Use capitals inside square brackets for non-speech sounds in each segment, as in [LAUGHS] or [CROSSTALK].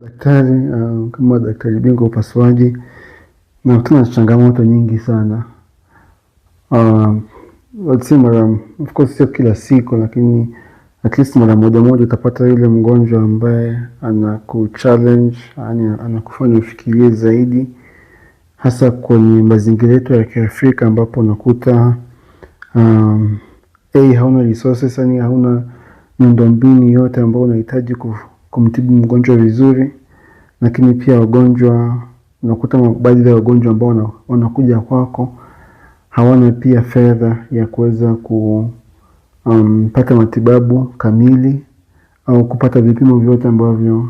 Daktari uh, kama daktari bingwa upasuaji nakutana na changamoto nyingi sana uh, mara, of course sio kila siku, lakini at least mara moja moja utapata yule mgonjwa ambaye anakuchallenge, yani anakufanya ufikirie zaidi, hasa kwenye mazingira yetu ya Kiafrika ambapo unakuta um, hey, hauna resources, yani hauna miundombinu yote ambayo unahitaji kumtibu mgonjwa vizuri, lakini pia wagonjwa, unakuta baadhi ya wagonjwa ambao wanakuja kwako hawana pia fedha ya kuweza kupata um, matibabu kamili au kupata vipimo vyote ambavyo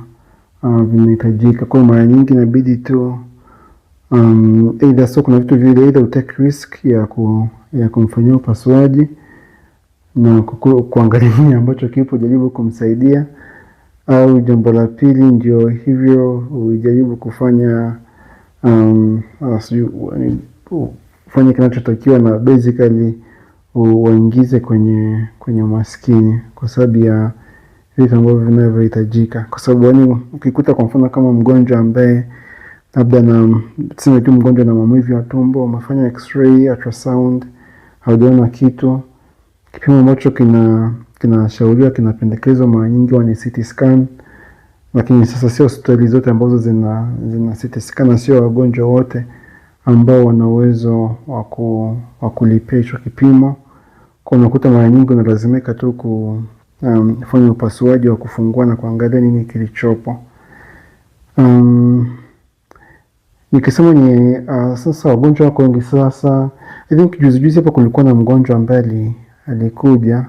uh, vinahitajika. Kwa mara nyingi inabidi tu um, either so kuna vitu vile, either utake risk ya, ku, ya kumfanyia upasuaji na kuangalia [LAUGHS] ambacho kipo, jaribu kumsaidia au jambo la pili ndio hivyo, ujaribu kufanya um, ah, ufanye kinachotakiwa na basically waingize kwenye kwenye umaskini kwa sababu ya vitu ambavyo vinavyohitajika, kwa sababu yaani, ukikuta kwa mfano kama mgonjwa ambaye labda na sina tu mgonjwa na maumivu ya tumbo, umefanya x-ray, ultrasound, haujaona kitu, kipimo ambacho kina kinashauriwa, kinapendekezwa mara nyingi huwa ni CT scan, lakini sasa sio hospitali zote ambazo zina, zina CT scan na sio wagonjwa wote ambao wana uwezo wa kulipia hicho kipimo. Kwa unakuta mara nyingi unalazimika tu um, kufanya um, upasuaji wa kufungua na kuangalia nini kilichopo. Um, nikisema ni uh, sasa wagonjwa wako wengi sasa. I think kulikuwa na mgonjwa ambaye alikuja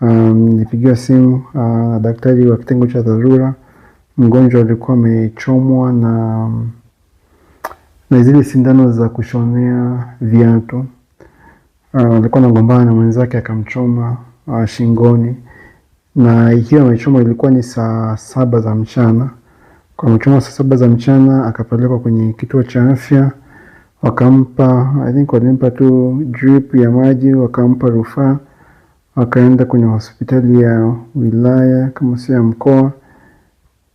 Um, nilipigiwa um, simu uh, daktari wa kitengo cha dharura, mgonjwa alikuwa amechomwa na um, na zile sindano za kushonea viatu uh, alikuwa anagombana na mwenzake akamchoma uh, shingoni, na ikiwa amechoma ilikuwa ni saa saba za mchana. Kwa mchoma saa saba za mchana akapelekwa kwenye kituo cha afya, wakampa I think walimpa tu drip ya maji, wakampa rufaa wakaenda kwenye hospitali ya wilaya kama si ya mkoa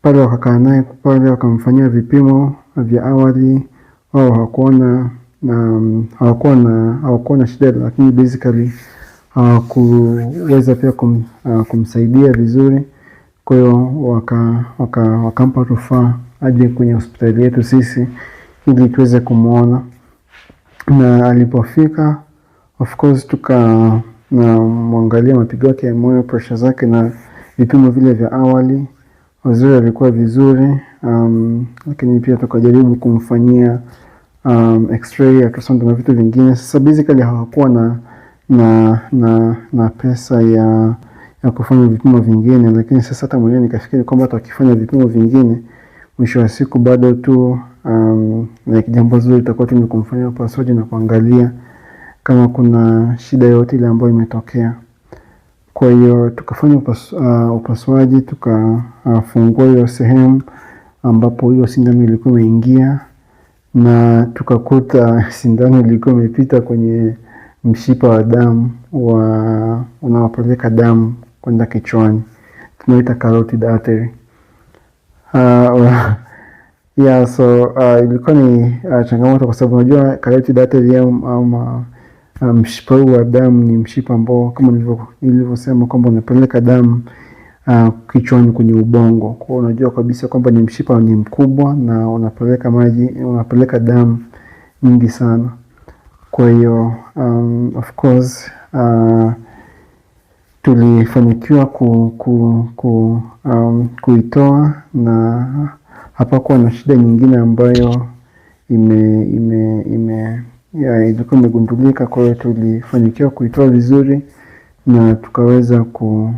pale, wakakaa naye pale, wakamfanyia vipimo vya awali. Wao hawakuona um, hawakuona shida, lakini basically hawakuweza pia kum, uh, kumsaidia vizuri. Kwa hiyo wakampa waka, waka rufaa aje kwenye hospitali yetu sisi ili tuweze kumwona, na alipofika of course tuka na mwangalie mapigo yake ya moyo, presha zake na vipimo vile vya awali. wazee alikuwa vizuri, um, lakini pia tukajaribu kumfanyia um, x-ray, ultrasound na vitu vingine. Sasa basically hawakuwa na na na na pesa ya ya kufanya vipimo vingine, lakini sasa hata mwenyewe nikafikiri kwamba hata wakifanya vipimo vingine mwisho wa siku bado tu um, like jambo zuri itakuwa tu ni kumfanyia upasuaji na kuangalia kama kuna shida yoyote ile ambayo imetokea. Kwa hiyo tukafanya uh, upasuaji tukafungua uh, hiyo sehemu ambapo hiyo sindano ilikuwa imeingia na tukakuta [LAUGHS] sindano ilikuwa imepita kwenye mshipa wa damu wa unaopeleka damu kwenda kichwani, tunaita carotid artery uh, [LAUGHS] yeah, so uh, ilikuwa ni uh, changamoto kwa sababu unajua carotid artery ama mshipa huu wa damu ni mshipa ambao kama nilivyosema kwamba unapeleka damu uh, kichwani kwenye ubongo. Kwa unajua kabisa kwamba ni mshipa ni mkubwa na unapeleka maji, unapeleka damu nyingi sana. Kwa hiyo um, of course uh, tulifanikiwa ku, ku, ku, um, kuitoa na hapakuwa na shida nyingine ambayo ime, ime, ime ya ilikuwa imegundulika. Kwa hiyo tulifanikiwa kuitoa vizuri na tukaweza ku,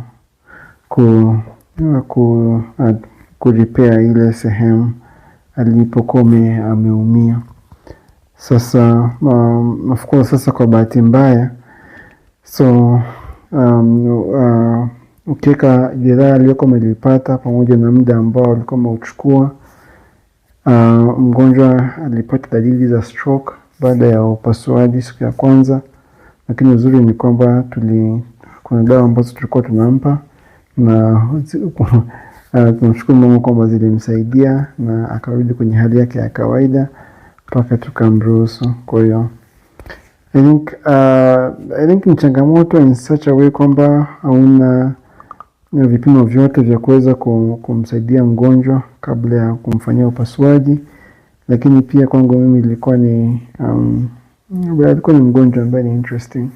ku, ku, kuripea ile sehemu alipokuwa ameumia. Sasa um, of course sasa kwa bahati mbaya so um, uh, ukiweka jeraha aliyokuwa amelipata pamoja na muda ambao alikuwa ameuchukua, uh, mgonjwa alipata dalili za stroke baada ya upasuaji siku ya kwanza, lakini uzuri ni kwamba tuli kuna dawa ambazo tulikuwa tunampa na [LAUGHS] ah, tunamshukuru Mungu kwamba zilimsaidia na akarudi kwenye hali yake ya kawaida mpaka tukamruhusu. Kwa hiyo I think, uh, I think ni changamoto in such a way kwamba hauna vipimo vyote vya kuweza kum, kumsaidia mgonjwa kabla ya kumfanyia upasuaji lakini pia kwangu mimi ilikuwa ni um, alikuwa ni mgonjwa ambaye ni interesting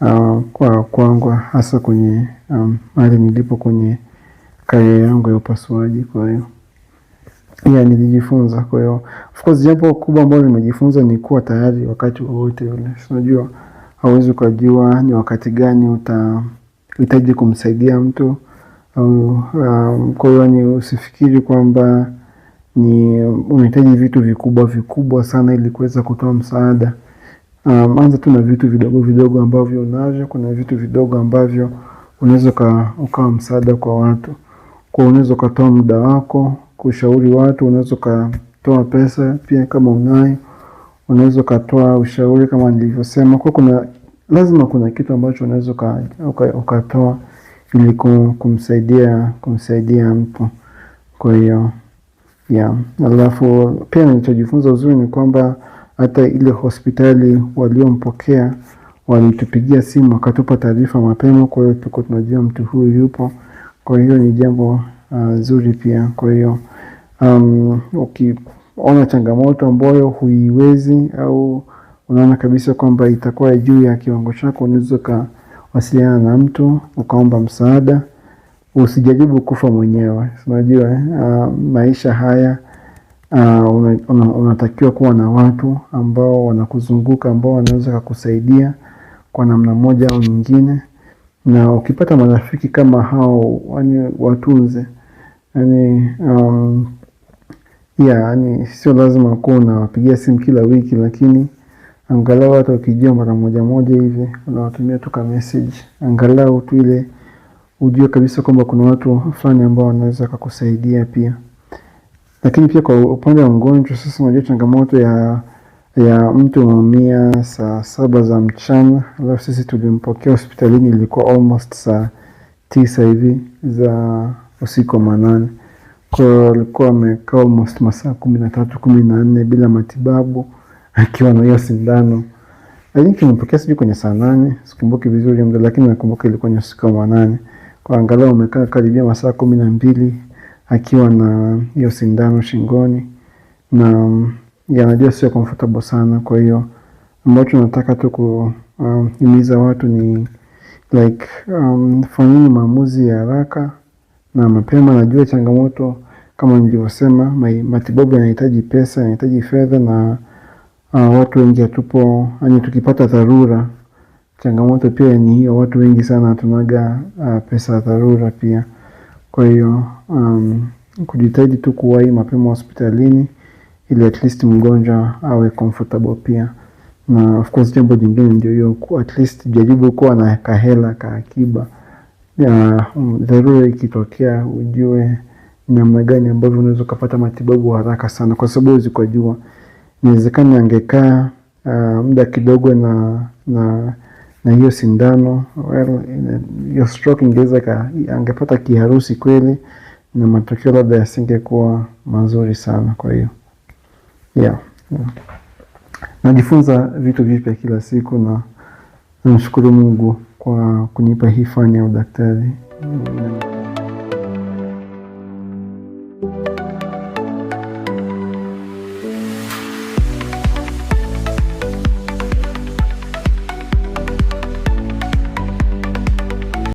uh, kwa kwangu hasa kwenye um, mahali um, nilipo kwenye karia yangu ya upasuaji. Kwa hiyo ya nilijifunza. Kwa hiyo of course, jambo kubwa ambalo nimejifunza ni kuwa tayari wakati wowote ule. Unajua, hauwezi ukajua ni wakati gani utahitaji kumsaidia mtu au um, kwa hiyo ni usifikiri kwamba ni unahitaji vitu vikubwa vikubwa sana ili kuweza kutoa msaada. Um, anza tu na vitu vidogo vidogo ambavyo unavyo. Kuna vitu vidogo ambavyo unaweza ukawa msaada kwa watu, kwa unaweza ukatoa muda wako kushauri watu, unaweza ukatoa pesa pia kama unayo, unaweza ukatoa ushauri kama nilivyosema, kwa kuna lazima kuna kitu ambacho unaweza ukatoa ili kumsaidia kumsaidia mtu, kwa hiyo yeah. Alafu pia nilichojifunza uzuri ni kwamba hata ile hospitali waliompokea walitupigia simu wakatupa taarifa mapema, kwa hiyo tuko tunajua mtu huyu yupo, kwa hiyo ni jambo uh, zuri pia. Kwa hiyo um, ukiona changamoto ambayo huiwezi au unaona kabisa kwamba itakuwa juu ya kiwango chako, unaweza ukawasiliana na mtu ukaomba msaada usijaribu kufa mwenyewe. Unajua uh, maisha haya uh, eh, unatakiwa una, una kuwa na watu ambao wanakuzunguka ambao wanaweza kukusaidia kwa namna moja au nyingine, na ukipata marafiki kama hao yani watunze yani, um, yeah, yani sio lazima kuwa unawapigia simu kila wiki, lakini angalau hata ukijua mara moja moja hivi unawatumia tu ka message angalau tu ile ujue kabisa kwamba kuna watu fulani ambao wanaweza kukusaidia pia. Lakini pia kwa upande wa mgonjwa sasa, unajua changamoto ya ya mtu ameumia saa saba za mchana, alafu sisi tulimpokea hospitalini ilikuwa almost saa tisa hivi za usiku wa manane. Kwa hiyo alikuwa amekaa almost masaa kumi na tatu kumi na nne bila matibabu akiwa na hiyo sindano. Lakini tulimpokea sijui kwenye saa nane, sikumbuki vizuri muda, lakini nakumbuka ilikuwa ni usiku wa manane kwa angalau amekaa karibia masaa kumi na mbili akiwa na hiyo sindano shingoni, na yanajua sio comfortable sana. Kwa hiyo ambacho nataka tu kuhimiza um, watu ni like um, fanyini maamuzi ya haraka na mapema. Najua changamoto kama nilivyosema, matibabu yanahitaji pesa, yanahitaji fedha na uh, watu wengi hatupo, yaani tukipata dharura Changamoto pia ni hiyo, watu wengi sana tunaga uh, ah, pesa ya dharura pia. Kwa hiyo um, kujitahidi tu kuwahi mapema hospitalini ili at least mgonjwa awe comfortable pia, na of course jambo jingine ndio hiyo, at least jaribu kuwa na kahela akiba mm, dharura um, ikitokea ujue namna gani ambavyo unaweza ukapata matibabu haraka sana, kwa sababu huwezi kujua. Inawezekana angekaa uh, muda kidogo na, na na hiyo sindano well, hiyo stroke ingeweza angepata kiharusi kweli, na matokeo labda yasingekuwa mazuri sana. Kwa hiyo yeah, yeah. Najifunza vitu vipya kila siku na namshukuru Mungu kwa kunipa hii fani ya udaktari.